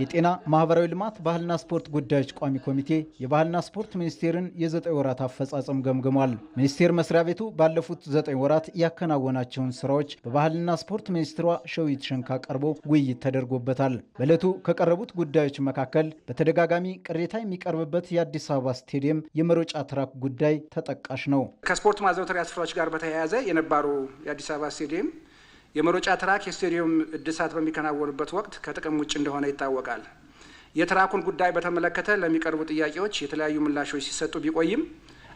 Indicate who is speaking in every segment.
Speaker 1: የጤና ማህበራዊ ልማት ባህልና ስፖርት ጉዳዮች ቋሚ ኮሚቴ የባህልና ስፖርት ሚኒስቴርን የዘጠኝ ወራት አፈጻጸም ገምግሟል። ሚኒስቴር መስሪያ ቤቱ ባለፉት ዘጠኝ ወራት ያከናወናቸውን ስራዎች በባህልና ስፖርት ሚኒስትሯ ሸዊት ሸንካ ቀርቦ ውይይት ተደርጎበታል። በዕለቱ ከቀረቡት ጉዳዮች መካከል በተደጋጋሚ ቅሬታ የሚቀርብበት የአዲስ አበባ ስቴዲየም የመሮጫ ትራክ ጉዳይ ተጠቃሽ ነው።
Speaker 2: ከስፖርት ማዘውተሪያ ስፍራዎች ጋር በተያያዘ የነባሩ የአዲስ አበባ ስቴዲየም የመሮጫ ትራክ የስቴዲየም እድሳት በሚከናወንበት ወቅት ከጥቅም ውጭ እንደሆነ ይታወቃል። የትራኩን ጉዳይ በተመለከተ ለሚቀርቡ ጥያቄዎች የተለያዩ ምላሾች ሲሰጡ ቢቆይም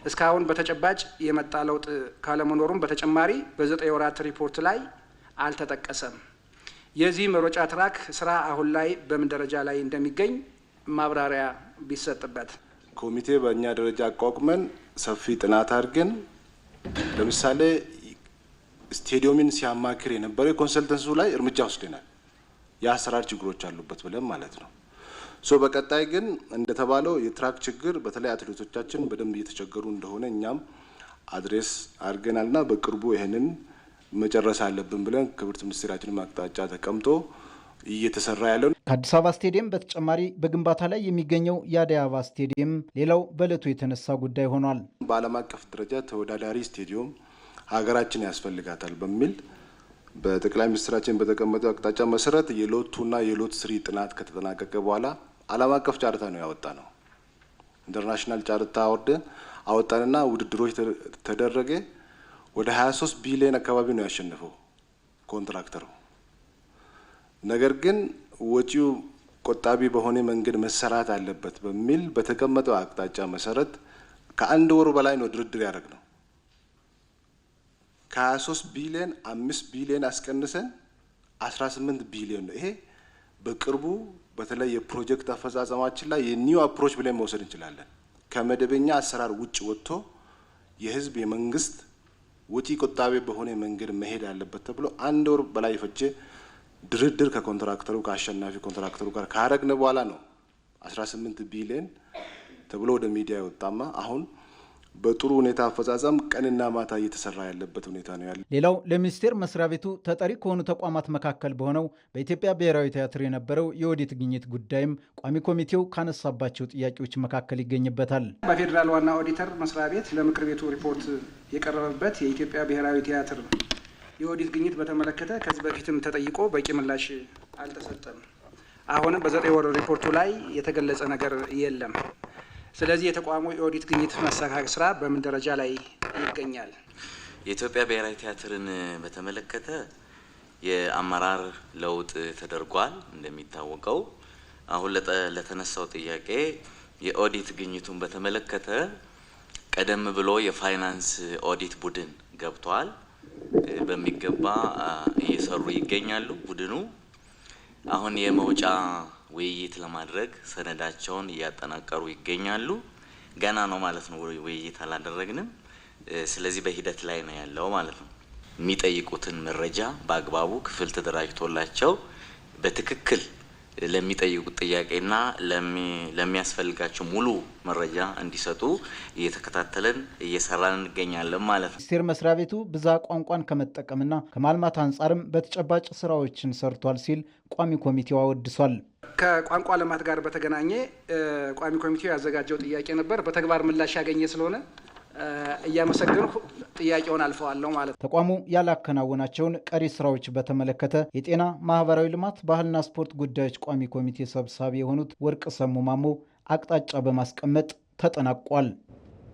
Speaker 2: እስካሁን በተጨባጭ የመጣ ለውጥ ካለመኖሩም በተጨማሪ በዘጠኝ ወራት ሪፖርት ላይ አልተጠቀሰም። የዚህ መሮጫ ትራክ ስራ አሁን ላይ በምን ደረጃ ላይ እንደሚገኝ ማብራሪያ ቢሰጥበት።
Speaker 3: ኮሚቴ በእኛ ደረጃ አቋቁመን ሰፊ ጥናት አድርገን ለምሳሌ ስቴዲየምን ሲያማክር የነበረው የኮንሰልተንሱ ላይ እርምጃ ወስደናል። የአሰራር ችግሮች አሉበት ብለን ማለት ነው። ሶ በቀጣይ ግን እንደተባለው የትራክ ችግር በተለይ አትሌቶቻችን በደንብ እየተቸገሩ እንደሆነ እኛም አድሬስ ና በቅርቡ ይህንን መጨረስ አለብን ብለን ክብርት ሚኒስቴራችን አቅጣጫ ተቀምጦ እየተሰራ ያለው
Speaker 1: ከአዲስ አበባ ስቴዲየም በተጨማሪ በግንባታ ላይ የሚገኘው የአዲስ አበባ ስቴዲየም ሌላው በእለቱ የተነሳ ጉዳይ ሆኗል።
Speaker 3: በዓለም አቀፍ ደረጃ ተወዳዳሪ ስቴዲየም ሀገራችን ያስፈልጋታል በሚል በጠቅላይ ሚኒስትራችን በተቀመጠው አቅጣጫ መሰረት የሎቱና የሎት ስሪ ጥናት ከተጠናቀቀ በኋላ ዓለም አቀፍ ጨረታ ነው ያወጣ ነው። ኢንተርናሽናል ጨረታ አወርደን አወጣንና ውድድሮች ተደረገ። ወደ 23 ቢሊዮን አካባቢ ነው ያሸነፈው ኮንትራክተሩ። ነገር ግን ወጪው ቆጣቢ በሆነ መንገድ መሰራት አለበት በሚል በተቀመጠው አቅጣጫ መሰረት ከአንድ ወሩ በላይ ነው ድርድር ያደረግ ነው። ከ23 ቢሊዮን 5 ቢሊዮን አስቀንሰን 18 ቢሊዮን ነው። ይሄ በቅርቡ በተለይ የፕሮጀክት አፈጻጸማችን ላይ የኒው አፕሮች ብለን መውሰድ እንችላለን። ከመደበኛ አሰራር ውጭ ወጥቶ የህዝብ የመንግስት ወጪ ቆጣቢ በሆነ መንገድ መሄድ አለበት ተብሎ አንድ ወር በላይ የፈጀ ድርድር ከኮንትራክተሩ ከአሸናፊ ኮንትራክተሩ ጋር ካረግነ በኋላ ነው 18 ቢሊዮን ተብሎ ወደ ሚዲያ የወጣማ አሁን በጥሩ ሁኔታ አፈጻጸም ቀንና ማታ እየተሰራ ያለበት ሁኔታ ነው ያለ።
Speaker 1: ሌላው ለሚኒስቴር መስሪያ ቤቱ ተጠሪ ከሆኑ ተቋማት መካከል በሆነው በኢትዮጵያ ብሔራዊ ቲያትር የነበረው የኦዲት ግኝት ጉዳይም ቋሚ ኮሚቴው ካነሳባቸው ጥያቄዎች መካከል ይገኝበታል።
Speaker 2: በፌዴራል ዋና ኦዲተር መስሪያ ቤት ለምክር ቤቱ ሪፖርት የቀረበበት የኢትዮጵያ ብሔራዊ ቲያትር የኦዲት ግኝት በተመለከተ ከዚህ በፊትም ተጠይቆ በቂ ምላሽ አልተሰጠም። አሁንም በዘጠኝ ወር ሪፖርቱ ላይ የተገለጸ ነገር የለም። ስለዚህ የተቋሙ የኦዲት ግኝት ማስተካከል ስራ በምን ደረጃ ላይ ይገኛል?
Speaker 4: የኢትዮጵያ ብሔራዊ ቲያትርን በተመለከተ የአመራር ለውጥ ተደርጓል። እንደሚታወቀው አሁን ለተነሳው ጥያቄ የኦዲት ግኝቱን በተመለከተ ቀደም ብሎ የፋይናንስ ኦዲት ቡድን ገብቷል። በሚገባ እየሰሩ ይገኛሉ። ቡድኑ አሁን የመውጫ ውይይት ለማድረግ ሰነዳቸውን እያጠናቀሩ ይገኛሉ። ገና ነው ማለት ነው፣ ውይይት አላደረግንም። ስለዚህ በሂደት ላይ ነው ያለው ማለት ነው። የሚጠይቁትን መረጃ በአግባቡ ክፍል ተደራጅቶላቸው በትክክል ለሚጠይቁት ጥያቄና ለሚያስፈልጋቸው ሙሉ መረጃ እንዲሰጡ እየተከታተለን እየሰራን እንገኛለን ማለት ነው።
Speaker 1: ሚኒስቴር መስሪያ ቤቱ ብዛ ቋንቋን ከመጠቀምና ከማልማት አንጻርም በተጨባጭ ስራዎችን ሰርቷል ሲል ቋሚ ኮሚቴው አወድሷል።
Speaker 2: ከቋንቋ ልማት ጋር በተገናኘ ቋሚ ኮሚቴው ያዘጋጀው ጥያቄ ነበር። በተግባር ምላሽ ያገኘ ስለሆነ እያመሰገንኩ ጥያቄውን አልፈዋለሁ ማለት ነው።
Speaker 1: ተቋሙ ያላከናወናቸውን ቀሪ ስራዎች በተመለከተ የጤና ማህበራዊ ልማት ባህልና ስፖርት ጉዳዮች ቋሚ ኮሚቴ ሰብሳቢ የሆኑት ወርቅ ሰሙ ማሞ አቅጣጫ በማስቀመጥ ተጠናቋል።